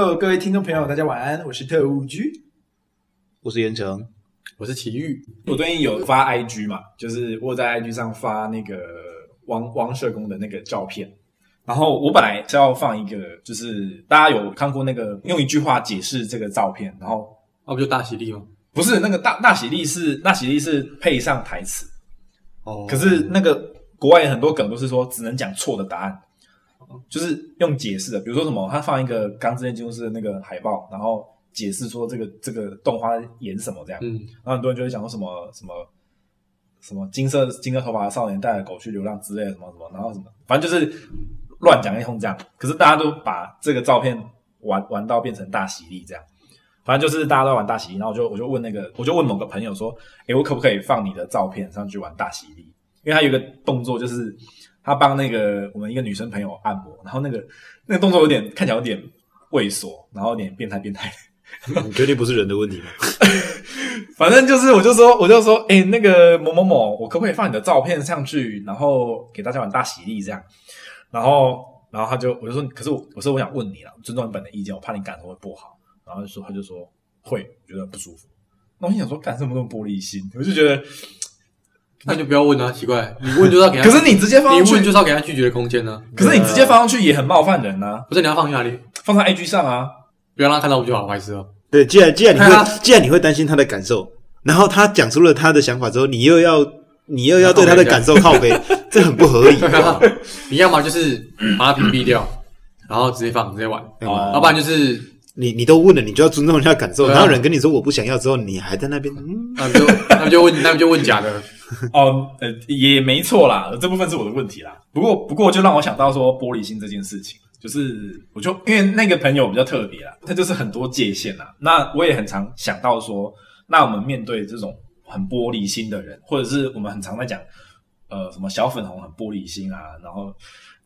Hello，各位聽眾朋友，大家晚安。我是特務局，我是嚴誠，我是奇遇。 我最近有發 IG 嘛，就是我在 IG 上發那個汪汪社工的那個照片。然後我本來是要放一個，就是大家有看過那個用一句話解釋這個照片，然後哦，不就大喜利嗎？不是，那個大大喜利是大喜利是配上台詞哦。Oh，可是那個國外很多梗都是說只能講錯的答案。就是用解釋的，比如說什麼，他放一個《鋼之煉金術士》的那個海報，然後解釋說這個這個動畫演什麼這樣，嗯，然後很多人就會講說什麼什麼什麼金色金色頭髮的少年帶着狗去流浪之類的什麼什麼，然後什麼，反正就是亂講一通這樣。可是大家都把這個照片玩玩到變成大喜力這樣，反正就是大家都在玩大喜力。然後我就我就問那個，我就問某個朋友說，哎、欸，我可不可以放你的照片上去玩大喜力？因為他有一個動作就是。他幫那個我們一個女生朋友按摩，然後那個那個動作有點，看起來有點猥瑣，然後有點變態變態。你絕對不是人的問題嗎？ 反正就是，我就說，我就說，哎、欸，那個某某某，我可不可以放你的照片上去，然後給大家玩大喜利這樣？然後，然後他就，我就說，可是我，我說我想問你了，尊重你本人意見，我怕你感受會不好。然後他就說，他就說會覺得不舒服。那我想說，幹什麼都玻璃心？我就覺得。那就不要問啊，奇怪，你問就是要給他。可是你直接放，你問就是要給他拒絕的空間呢。可是你直接放上去也很冒犯人啊，不是你要放去哪裡？放在 IG 上啊，不要讓他看到我就好，不好意思了。對，既然既然你會，既然你會擔心他的感受，然後他講出了他的想法之後，你又要你又要對他的感受靠杯，這很不合理。你要麼就是把他屏蔽掉，然後直接放直接玩，要不然就是你你都問了，你就要尊重人家感受。然後人跟你說我不想要之後，你還在那邊，那不就那不就問，那不就問假的。哦，呃， oh, 也沒錯啦，這部分是我的問題啦。不過，不過就讓我想到說玻璃心這件事情，就是我就因為那個朋友比較特別啦，他就是很多界限啦，那我也很常想到說，那我們面對這種很玻璃心的人，或者是我們很常在講，呃，什麼小粉紅很玻璃心啊。然後，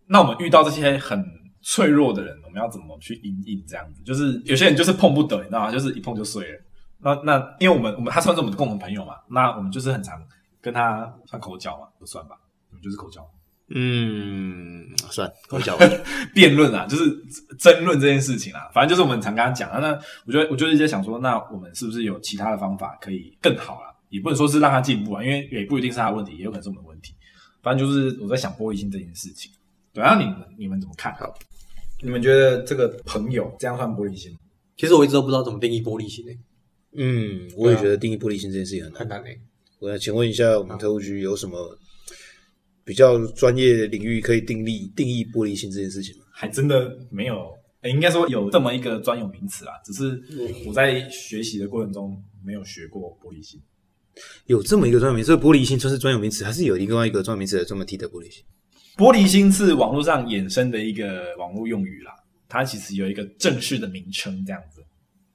那我們遇到這些很脆弱的人，我們要怎麼去因應這樣子？就是有些人就是碰不得，你知道嗎？就是一碰就碎了。那那因為我們我們他算是我們的共同朋友嘛，那我們就是很常。跟他算口角嘛？不算吧，就是口角。嗯，算口角，辯論 啊，就是爭論這件事情啊。反正就是我們常跟他講，那我覺得，我就一直在想說，那我們是不是有其他的方法可以更好啊？也不能說是讓他進步啊，因為也不一定是他的問題，也有可能是我們的問題。反正就是我在想玻璃心這件事情。對啊，你們你們怎麼看？好你們覺得這個朋友這樣算玻璃心嗎？其實我一直都不知道怎麼定義玻璃心呢、欸。嗯，我也覺得定義玻璃心這件事情很難、欸。我想請問一下，我們特務局有什麼比較專業領域可以定立定義“玻璃心”這件事情嗎？還真的沒有誒，應該說有這麼一個專有名詞啦。只是我在學習的過程中沒有學過“玻璃心”，嗯。有這麼一個專有名詞，這個“玻璃心”就是專有名詞，還是有另外一個專有名詞的這麼提的“玻璃心”。玻璃心是網絡上衍生的一個網絡用語啦，它其實有一個正式的名稱，這樣子。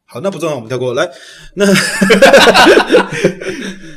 好，那不重要，我們跳過來。那，哈哈哈，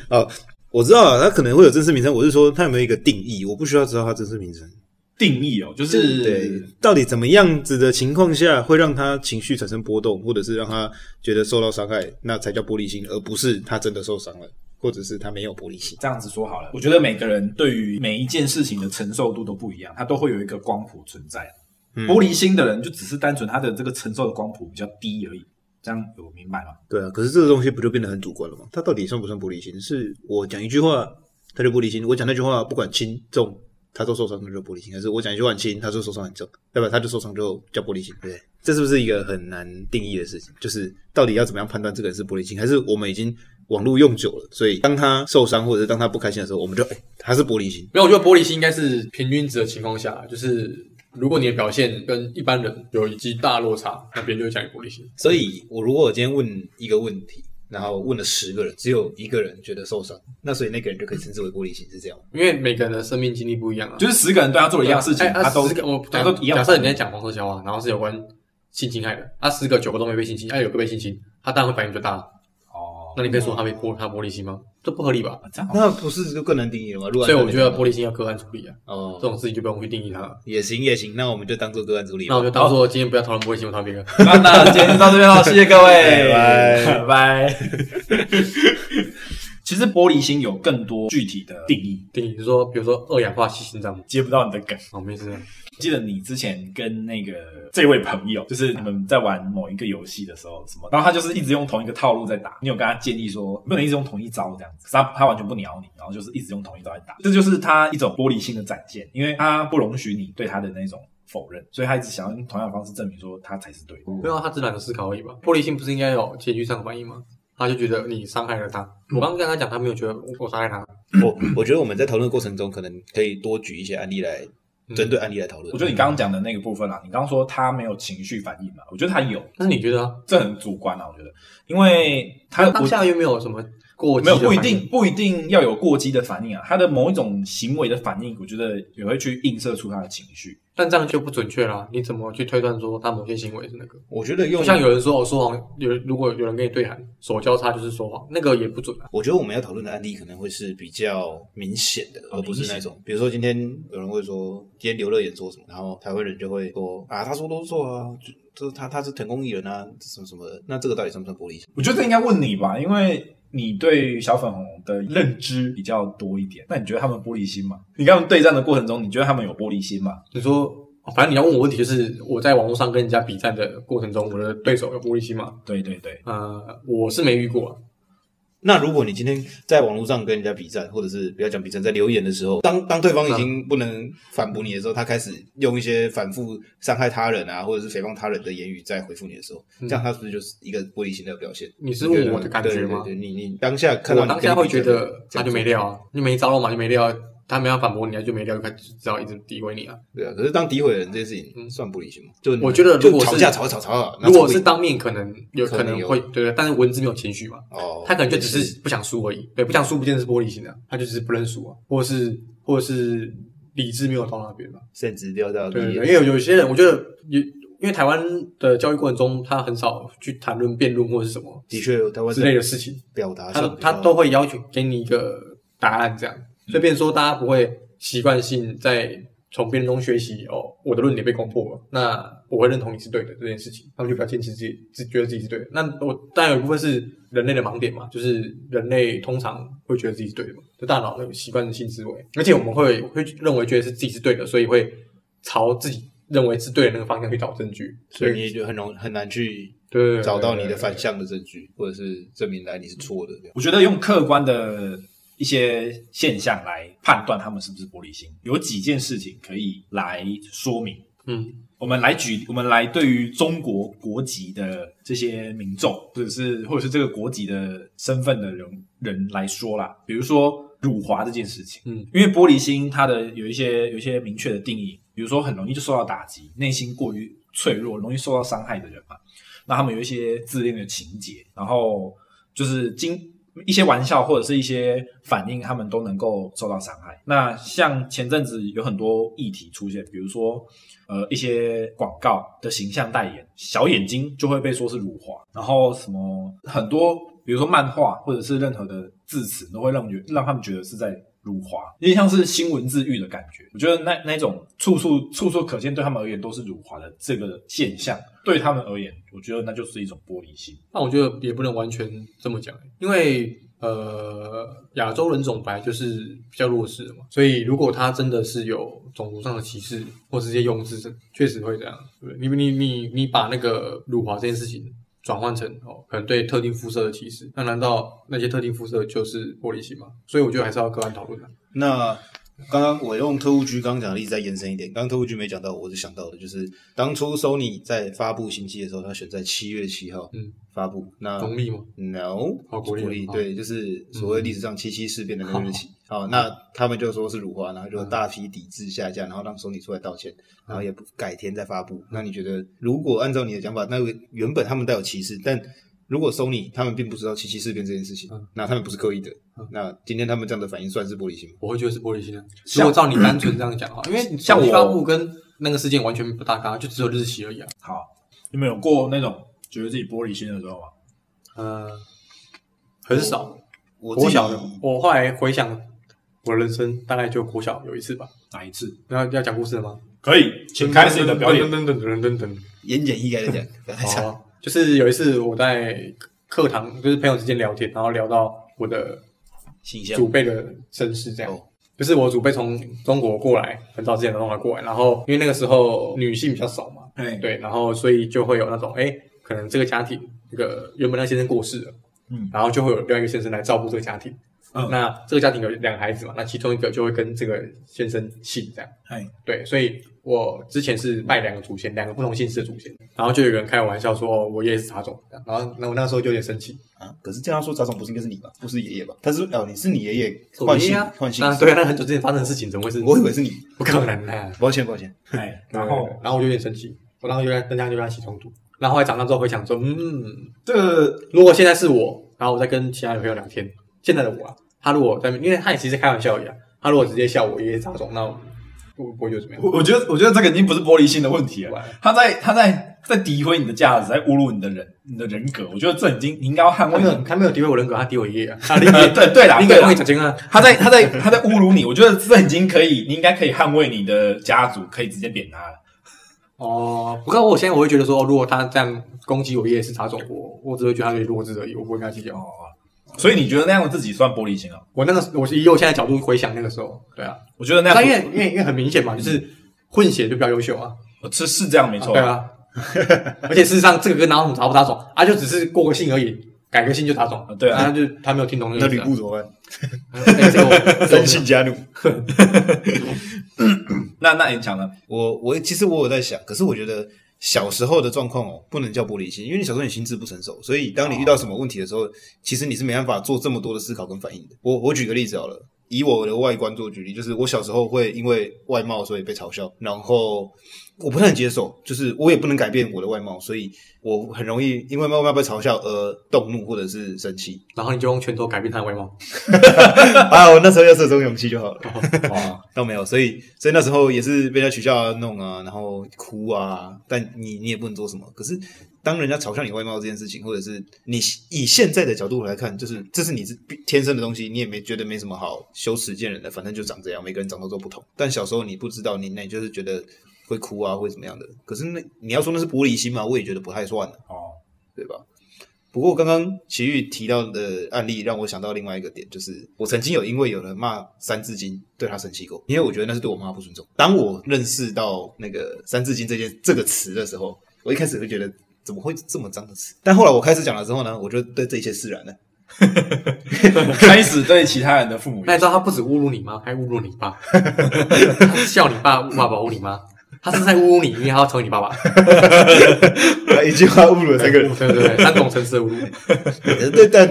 好，我知道了。他可能會有正式名稱，我是說，他有沒有一個定義？我不需要知道他正式名稱。定義哦，就是對，到底怎麼樣子的情況下，會讓他情緒產生波動，或者是讓他覺得受到傷害，那才叫玻璃心，而不是他真的受傷了，或者是他沒有玻璃心。這樣子說好了，我覺得每個人對於每一件事情的承受度都不一樣，他都會有一個光譜存在。嗯。玻璃心的人就只是單純他的這個承受的光譜比較低而已。這樣我明白嗎？對啊，可是這個東西不就變得很主觀了嗎？他到底算不算玻璃心？是我講一句話，他就玻璃心；我講那句話不管輕重，他都受傷，那就玻璃心。還是我講一句話很輕，他就受傷很重，不然他就受傷就叫玻璃心，對不對？這是不是一個很難定義的事情？就是到底要怎麼樣判斷這個人是玻璃心，還是我們已經網絡用久了，所以當他受傷或者是當他不開心的時候，我們就哎、欸、他是玻璃心。沒有，我覺得玻璃心應該是平均值的情況下，就是。如果你的表現跟一般人有一級大落差，嗯、那別人就會講你玻璃心。所以我如果我今天問一個問題，然後問了十個人，只有一個人覺得受傷，那所以那個人就可以稱之為玻璃心，是這樣。因為每個人的生命經歷不一樣啊，就是十個人都要做一樣事情，啊欸、他都我假設假設你在講黃色笑話，啊，嗯、然後是有關性侵害的，那、啊、十個九個都沒被性侵，他、哎、有個被性侵，他當然會反應就大了。那你可以說他沒玻他玻璃心嗎？這不合理吧？這樣那不是就個人定義嗎？所以我覺得玻璃心要個案處理啊！哦，這種事情就不用去定義它。也行也行，那我們就當做個案處理。那我就當做今天不要討論玻璃心，我討論別的。那今天就到這邊了，謝謝各位，拜拜。其實玻璃心有更多具體的定義，定義就是說，比如說二氧化碳心臟接不到你的梗哦，沒事。記得你之前跟那個這位朋友，就是你們在玩某一個遊戲的時候，什麼？然後他就是一直用同一個套路在打。你有跟他建議說不能一直用同一招這樣子，他他完全不鳥你，然後就是一直用同一招在打。這就是他一種玻璃心的展現，因為他不容許你對他的那種否認，所以他一直想要用同樣的方式證明說他才是對的。沒有啊，他自然的思考而已吧。玻璃心不是應該有情緒上的反應嗎？他就覺得你傷害了他。我剛剛跟他講，他沒有覺得我，我傷害他。我我覺得我們在討論的過程中，可能可以多舉一些案例來。針對案例來討論。嗯、我覺得你剛剛講的那個部分啊，你剛剛說他沒有情緒反應嘛？我覺得他有，但是你覺得、啊、這很主觀啊？我覺得，因為他當下又沒有什麼。過激。沒有，不一定，應不一定要有過激的反應啊。他的某一種行為的反應，我覺得也會去映射出他的情緒。但這樣就不準確了、啊。你怎麼去推斷說他某些行為是那個？我覺得，用，像有人說我、哦、說謊，有如果有人跟你對喊手交叉就是說謊，那個也不準、啊、我覺得我們要討論的案例可能會是比較明顯的，而不是那種，哦、比如說今天有人會說今天劉樂言說什麼，然後台灣人就會說啊，他說都做啊，就就是他他是成功藝人啊，什麼什麼的。那這個到底算不算玻璃心？我覺得這應該問你吧，因為。你對小粉紅的認知比較多一點，認知。那你覺得他們玻璃心嗎？你跟他們對戰的過程中，你覺得他們有玻璃心嗎？你說，反正你要問我問題就是，我在網絡上跟人家筆戰的過程中，我的對手有玻璃心嗎？對,對對對，呃，我是沒遇過、啊。那如果你今天在網絡上跟人家筆戰，或者是不要講筆戰，在留言的時候，當當對方已經不能反駁你的時候，他開始用一些反覆傷害他人啊，或者是誹謗他人的言語在回復你的時候，嗯、這樣他是不是就是一個玻璃心的表現？你是問我的感覺嗎？覺對，對你你，你當下看到，我當下會覺得你你覺他就沒料，啊，你沒招了嘛，就沒料。啊。他沒有反駁你，他就沒料，開始只好一直詆毀你啊。對啊，可是當詆毀的人，這件事情，算不理性嗎？就我覺得，如果吵架吵吵吵啊。如果是當面，可能有可能會，對，但是文字沒有情緒嘛，他可能就只是不想輸而已。對，不想輸不見得是玻璃心的，他就只是不認輸啊，或是或是理智沒有到那邊嘛，甚至掉掉。對對，因為有些人，我覺得有，因為台灣的教育過程中，他很少去談論辯論或是什麼，的確，台灣之類的事情，表達他他都會要求給你一個答案，這樣。所以變成說，大家不會習慣性在從別人中學習哦，我的論點被攻破了，那我會認同你是對的這件事情。他們就比較堅持自己，自覺得自己是對的。那我當然有一部分是人類的盲點嘛，就是人類通常會覺得自己是對的嘛，就大腦習慣性思維，而且我們會會認為覺得是自己是對的，所以會朝自己認為是對的那個方向去找證據。所以，所以你就很容很難去找到你的反向的證據，對對對對，或者是證明來你是錯的。我覺得用客觀的。一些現象來判斷他們是不是玻璃心，有幾件事情可以來說明。嗯，我們來舉，我們來對於中國國籍的這些民眾，或者是或者是這個國籍的身份的人人來說啦，比如說辱華這件事情，嗯，因為玻璃心，它的有一些有一些明確的定義，比如說很容易就受到打擊，內心過於脆弱，容易受到傷害的人嘛。那他們有一些自戀的情節，然後就是經。一些玩笑或者是一些反應，他們都能夠受到傷害。那像前陣子有很多議題出現，比如說，呃，一些廣告的形象代言，小眼睛就會被說是辱華，然後什麼很多，比如說漫畫或者是任何的字詞，都會讓覺，讓他們覺得是在。辱華，有點像是新聞自癒的感覺。我覺得那那種處處處處可見對他們而言都是辱華的這個現象，對他們而言，我覺得那就是一種玻璃心。那、啊、我覺得也不能完全這麼講，因為呃，亞洲人種本來就是比較弱勢的嘛。所以如果他真的是有種族上的歧視或直接用字，確實會這樣，對不對？你你你你把那個辱華這件事情。轉換成哦，可能對特定膚色的歧視。那難道那些特定膚色就是玻璃心嗎？所以我覺得還是要個案討論的。那。剛剛我用特務局剛剛講的例子再延伸一點。剛剛特務局沒講到，我就想到了，就是當初 Sony 在發布新機的時候，他選在七月七號發布，嗯、那農曆嗎？No，國曆，對，就是所謂歷史上七七事變的那日期好，那他們就說是辱華，然後就大批抵制下架，嗯、然後讓 Sony 出來道歉，然後也不改天再發布。嗯、那你覺得，如果按照你的講法，那個原本他們帶有歧視，但如果搜你，他們並不知道七七事變這件事情，那他們不是刻意的。那今天他們這樣的反應算是玻璃心嗎？我會覺得是玻璃心的。如果照你單純這樣講的話，因為像我發布跟那個事件完全不搭嘎，就只有日期而已。好，你們有過那種覺得自己玻璃心的時候嗎？嗯，很少。國小的，我後來回想，我人生大概就國小有一次吧。哪一次？要要講故事了嗎？可以，請開始你的表演。等等等等等等，言簡意賅的講。就是有一次我在課堂，就是朋友之間聊天，然後聊到我的祖輩的身世這樣，Oh. 就是我祖輩從中國過來，很早之前都弄來過來，然後因為那個時候女性比較少嘛，Hey. 對，然後所以就會有那種哎、欸，可能這個家庭那個原本那個先生過世了，Hey. 然後就會有另外一個先生來照顧這個家庭。嗯、那這個家庭有兩個孩子嘛？那其中一個就會跟這個先生姓這樣。嘿對，所以我之前是拜兩個祖先，兩個不同姓氏的祖先。然後就有人開玩笑說：“我爺爺是雜種。”然後那我那時候就有點生氣啊。可是這樣說，雜種不是應該是你吧？不是爺爺吧？他說：“哦、呃，你是你爺爺。”換姓啊，換姓、啊。對啊，那很久之前發生的事情，怎麼會是不、啊？我以為是你，不可能。抱歉，抱歉。 哎，然後然後我就有點生氣，我然後有點，跟他就有點起衝突。然後後來長大之後回想說：“嗯，這個、如果現在是我，然後我再跟其他女朋友聊天。”現在的我啊，他如果在，因為他也其實開玩笑一樣、啊，他如果直接笑我爺爺雜種，那我不會有什麼樣我。我覺得，我覺得這個已經不是玻璃心的問題了。他在，他在，他在詆毀你的價值，在侮辱你的人，你的人格。我覺得這已經，你應該要捍衛。他沒有詆毀我人格，他詆毀爺爺。對對啦。應該會很驚訝。他在，他在，他在侮辱你。我覺得這已經可以，你應該可以捍衛你的家族，可以直接扁他了。哦，不過、嗯、我現在我會覺得說，如果他這樣攻擊我爺爺是雜種，我我只會覺得他有點弱智而已，我不會跟他計較啊。哦所以你覺得那樣的自己算玻璃心啊？我那個我是以我現在的角度回想那個時候，對啊，我覺得那樣。他因為因為因為很明顯嘛，就是混血就比較優秀啊。我吃、哦、是，是這樣沒錯、啊啊。對啊， 而且事實上這個跟哪種雜不雜種啊，就只是過個性而已，改個性就雜種、啊。對啊，啊他就他沒有聽懂那呂布、啊、怎麼辦？真 加那那也講了，我我其實我有在想，可是我覺得。小時候的狀況哦，不能叫玻璃心，因為你小時候你心智不成熟，所以當你遇到什麼問題的時候，哦、其實你是沒辦法做這麼多的思考跟反應的。我我舉個例子好了，以我的外觀做舉例，就是我小時候會因為外貌所以被嘲笑，然後。我不太能接受，就是我也不能改變我的外貌，所以我很容易因為外貌被嘲笑而動怒或者是生氣。然後你就用拳頭改變他的外貌？ 啊，我那時候要是有這種勇氣就好了。哦，倒沒有，所以所以那時候也是被人家取笑啊、弄啊，然後哭啊，但你你也不能做什麼。可是當人家嘲笑你外貌這件事情，或者是你以現在的角度來看，就是這是你是天生的東西，你也沒覺得沒什麼好羞恥見人的，反正就長這樣，每個人長得都不同。但小時候你不知道，你那就是覺得。會哭啊，會怎麼樣的？可是那你要說那是玻璃心嘛，我也覺得不太算了，哦，對吧？不過剛剛祁煜提到的案例讓我想到另外一個點，就是我曾經有因為有人罵《三字經》對他生氣過，因為我覺得那是對我媽不尊重。當我認識到那個《三字經》這些這個詞的時候，我一開始會覺得怎麼會這麼髒的詞？但後來我開始講了之後呢，我就對這些釋然了。 開始對其他人的父母，那你知道他不止侮辱你媽，還侮辱你爸，， 笑你爸，罵保護你媽。他是在侮辱你，你還 要醜你爸爸， 一句話侮辱了這個人，對不對他 三種成熟，的侮辱。那但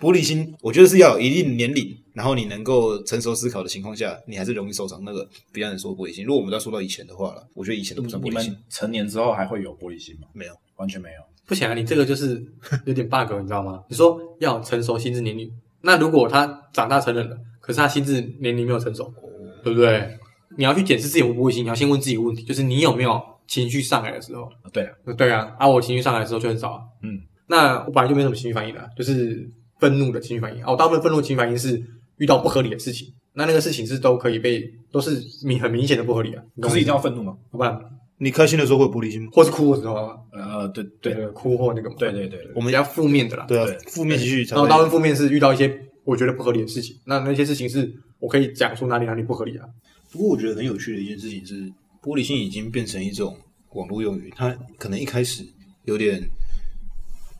玻璃心，我覺得是要有一定年齡，然後你能夠成熟思考的情況下，你還是容易受傷。那個別人說玻璃心。如果我們再說到以前的話了，我覺得以前都不算玻璃心。你們成年之後還會有玻璃心嗎？沒有，完全沒有。不行啊，你這個就是有點 bug， 你知道嗎？你說要成熟心智年齡，那如果他長大成人了，可是他心智年齡沒有成熟，oh. 對不對？你要去檢視自己的玻璃心，你要先問自己一個問題，就是你有沒有情緒上來的時候？對啊，對啊，啊，我情緒上來的時候就很少、啊。嗯，那我本來就沒有什麼情緒反應的，就是憤怒的情緒反應。哦、啊，大部分憤怒的情緒反應是遇到不合理的事情，那那個事情是都可以被都是明很明顯的不合理啊，可是一定要憤怒嗎？好辦然。你開心的時候會玻璃心嗎？或是哭的時候？呃，對對哭或那個。對對對，我們要負面的啦。對負、啊、對面情緒。然後大部分負面是遇到一些我覺得不合理的事情，那那些事情是我可以講出哪裡哪裡不合理啊。不過我覺得很有趣的一件事情是，玻璃心已經變成一種網絡用語。嗯、它可能一開始有點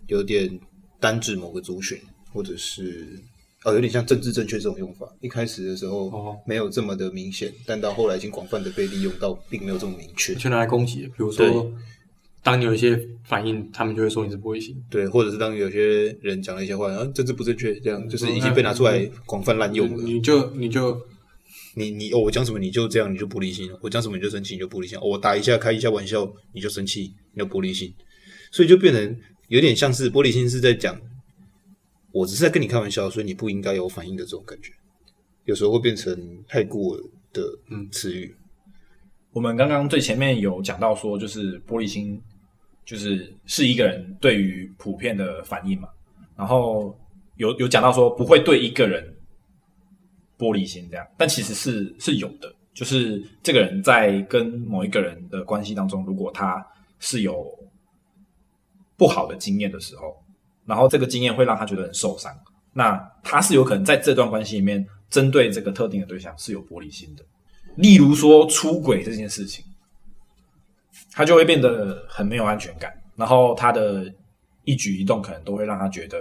有點單指某個族群，或者是啊、哦，有點像政治正確這種用法。一開始的時候沒有這麼的明顯，哦、但到後來已經廣泛的被利用到，並沒有這麼明確。就拿來攻擊，比如說，對當你有一些反應，他們就會說你是玻璃心。對，或者是當有些人講了一些話、啊，政治不正確，這樣就是已經被拿出來廣泛濫用了、嗯嗯。你就你就。你你哦，我講什麼你就這樣，你就玻璃心了。我講什麼你就生氣，你就玻璃心了。哦，我打一下，開一下玩笑，你就生氣，你就玻璃心。所以就變成有點像是玻璃心是在講，我只是在跟你開玩笑，所以你不應該有反應的這種感覺。有時候會變成太過的嗯詞語。我們剛剛最前面有講到說，就是玻璃心就是是一個人對於普遍的反應嘛。然後有有講到說不會對一個人。玻璃心這樣，但其實是是有的。就是這個人在跟某一個人的關係當中，如果他是有不好的經驗的時候，然後這個經驗會讓他覺得很受傷，那他是有可能在這段關係裡面針對這個特定的對象是有玻璃心的。例如說出軌這件事情，他就會變得很沒有安全感，然後他的一舉一動可能都會讓他覺得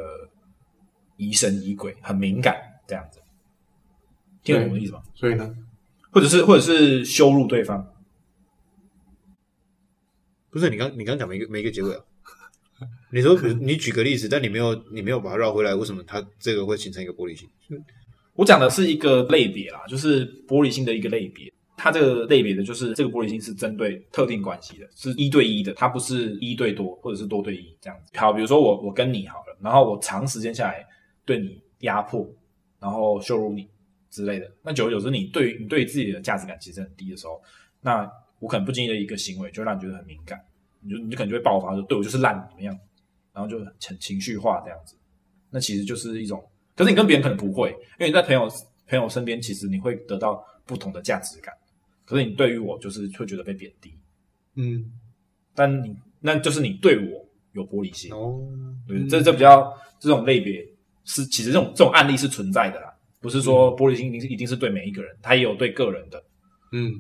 疑神疑鬼，很敏感這樣子。聽懂我的意思嗎？所以呢，或者是或者是羞辱對方，不是你剛你剛講沒一個沒一個結尾啊？ 你說你你舉個例子，但你沒有你沒有把它繞回來，為什麼它這個會形成一個玻璃心？我講的是一個類別啦，就是玻璃心的一個類別。它這個類別的就是這個玻璃心是針對特定關係的，是一對一的，它不是一對多或者是多對一這樣子。好，比如說我我跟你好了，然後我長時間下來對你壓迫，然後羞辱你。之類的，那久而久之，你對於你對於自己的價值感其實很低的時候，那我可能不經意的一個行為就讓你覺得很敏感，你就你就可能就會爆發，就對我就是爛，怎麼樣。然後就很情緒化這樣子。那其實就是一種，可是你跟別人可能不會，因為你在朋友朋友身邊，其實你會得到不同的價值感，可是你對於我就是會覺得被貶低，嗯，但你那就是你對我有玻璃心哦，嗯、對，這這比較這種類別是其實這種這種案例是存在的啦。不是說玻璃心一定是一定是對每一個人，他也有對個人的，嗯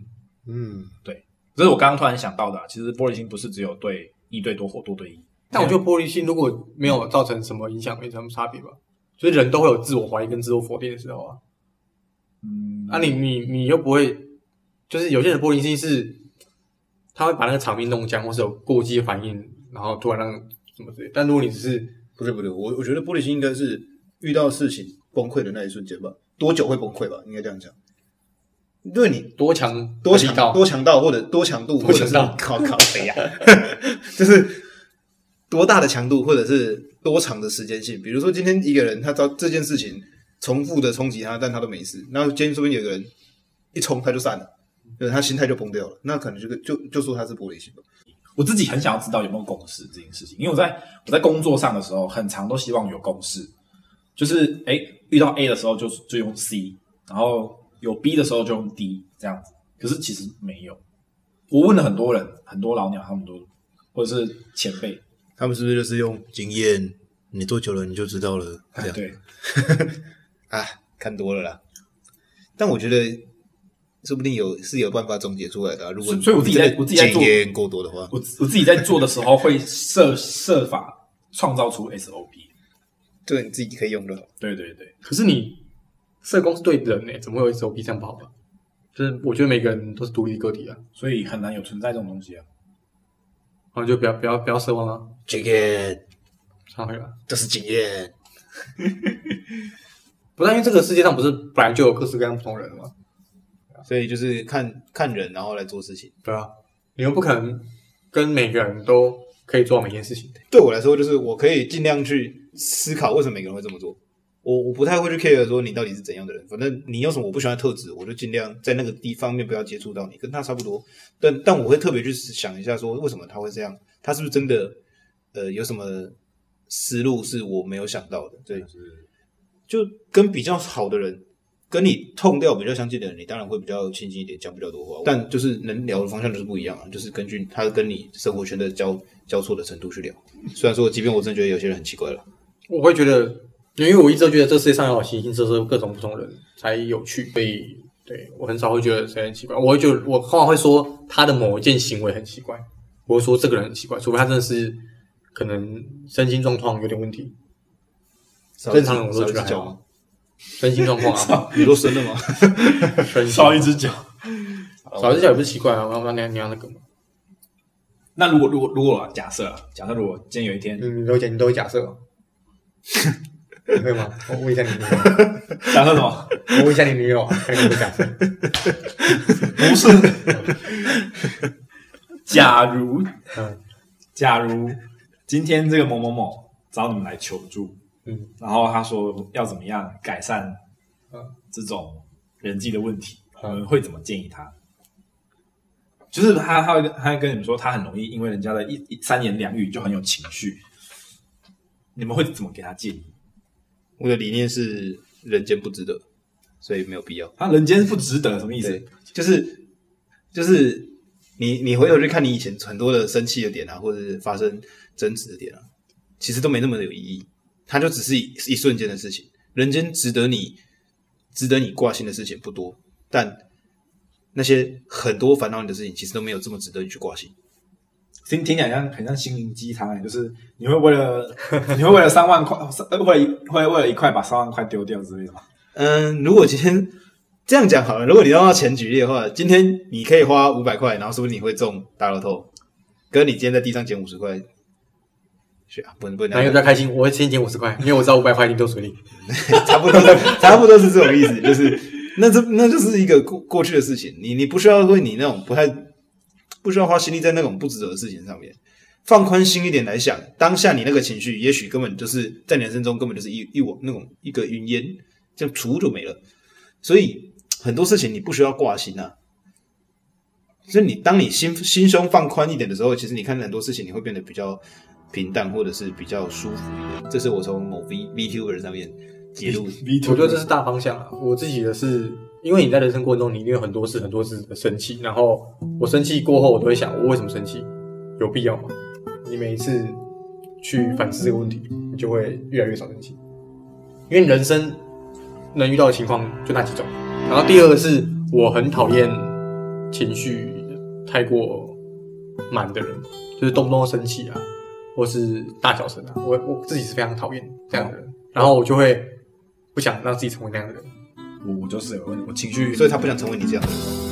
嗯，嗯對，這是我剛剛突然想到的。啊。其實玻璃心不是只有對一對多或多對一，但我覺得玻璃心如果沒有造成什麼影響，沒什麼差別吧。所以、嗯、人都會有自我懷疑跟自我否定的時候啊，嗯，那、啊、你你你又不會，就是有些人玻璃心是他會把那個場面弄僵，或是有過激反應，然後突然讓什麼之類，但如果你只是不對不對，我我覺得玻璃心應該是遇到的事情，崩潰的那一瞬間吧，多久會崩潰吧？應該這樣講，因為你多強多強多強到或者多強度或者是多強到靠靠誰呀？ 就是多大的強度或者是多長的時間性？比如說今天一個人他遭，這件事情重複的衝擊他，但他都沒事。然後今天這邊有個人一衝他就散了，嗯、他心態就崩掉了，那可能就就就說他是玻璃心吧。我自己很想要知道有沒有共識這件事情，因為我在我在工作上的時候很常都希望有共識。就是哎、欸，遇到 A 的時候就就用 C，然後有 B 的時候就用 D 這樣子。可是其實沒有，我問了很多人，很多老鳥他們都，或者是前輩，他們是不是就是用經驗？你做久了你就知道了，這樣，對。 啊，看多了啦。但我覺得說不定有是有辦法總結出來的啊。如果所以我自己在經驗過多的話，我自己在做我自己在做的時候會設設法創造出 SOP。對，你自己可以用的。對對對，可是你社工是對人誒、欸、怎麼會有 SOP 這樣不好吧？就是我覺得每個人都是獨立個體啊，所以很難有存在這種東西啊。哦，就不要不要不要奢望了。經驗 Check it.，差不多，這是經驗。 不是因為這個世界上不是本來就有各式各樣不同人的嗎？啊、所以就是看看人，然後來做事情。對啊，你又不可能跟每個人都。可以做好每件事情。對，對我來說，就是我可以盡量去思考為什麼每個人會這麼做。我我不太會去 care 說你到底是怎樣的人。反正你有什麼我不喜歡的特質，我就盡量在那個地方面不要接觸到你，跟他差不多。但但我會特別去想一下，說為什麼他會這樣？他是不是真的？呃，有什麼思路是我沒有想到的？對，就跟比較好的人。跟你 tone 調比較相近的人，你當然會比較親近一點，講比較多話。但就是能聊的方向就是不一樣，就是根據他跟你生活圈的交交錯的程度去聊。雖然說，即便我真的覺得有些人很奇怪了， 我會覺得，因為我一直都覺得這世界上要有形形色、色色各種不同人才有趣，所以對我很少會覺得誰很奇怪。我會覺得我偶爾會說他的某一件行為很奇怪，我會說這個人很奇怪，除非他真的是可能身心狀況有點問題。是正常人我都覺得還好。分心狀況啊，你都生了嗎？身少一隻腳，好少一隻腳也不是奇怪啊。我要不要那個嘛？那如果如果如果假設、啊，假設、啊、如果今天有一天，嗯、你都假你都會假設、啊， 你會嗎？我問一下你女友。假設什麼？我問一下你女友，看你假設不敢。不是， 假如，嗯，假如今天這個某某某找你們來求助。嗯，然後他說要怎麼樣改善這種人際的問題？嗯、你們會怎麼建議他？就是他他會他會跟你們說，他很容易因為人家的一，一三言兩語就很有情緒。你們會怎麼給他建議？我的理念是人間不值得，所以沒有必要。他。啊、人間不值得什麼意思？就是就是你你回頭去看你以前很多的生氣的點啊，或者是發生爭執的點啊，其實都沒那麼有意義。它就只是一一瞬間的事情。人間值得你，值得你掛心的事情不多，但那些很多煩惱你的事情，其實都沒有這麼值得你去掛心。聽聽講，像很像心靈雞湯，就是你會為了你會為了三萬塊，會、呃、會為了一塊把三萬塊丟掉之類的嗎？嗯、呃，如果今天這樣講好了，如果你要拿錢舉例的話，今天你可以花五百塊，然後說不定你會中大樂透。哥，你今天在地上撿五十塊。啊，不能不能！哪一開心？我會先減五十塊， 因為我知道五百塊一定都屬你。 差不多，差不多是這種意思，就是那這那就是一個過過去的事情，你你不需要為你那種不太不需要花心力在那種不值得的事情上面，放寬心一點來想，當下你那個情緒，也許根本就是在你人生中根本就是一一網那種一個雲煙，這樣除就沒了。所以很多事情你不需要掛心啊。所以你當你心心胸放寬一點的時候，其實你看很多事情，你會變得比較。平淡，或者是比較舒服一點。這是我從某 V Vtuber 上面記錄。V, Vtuber 我覺得這是大方向啊，我自己的是，因為你在人生過程中，你一定有很多次、很多次的生氣。然後我生氣過後，我都會想：我為什麼生氣？有必要嗎？你每一次去反思這個問題，你就會越來越少生氣。因為人生能遇到的情況就那幾種。然後第二個是我很討厭情緒太過滿的人，就是動不動生氣啊。或是大小聲啊，我我自己是非常討厭這樣的人，哦、然後我就會不想讓自己成為那樣的人。我我就是有問題，我情緒，所以他不想成為你這樣的人。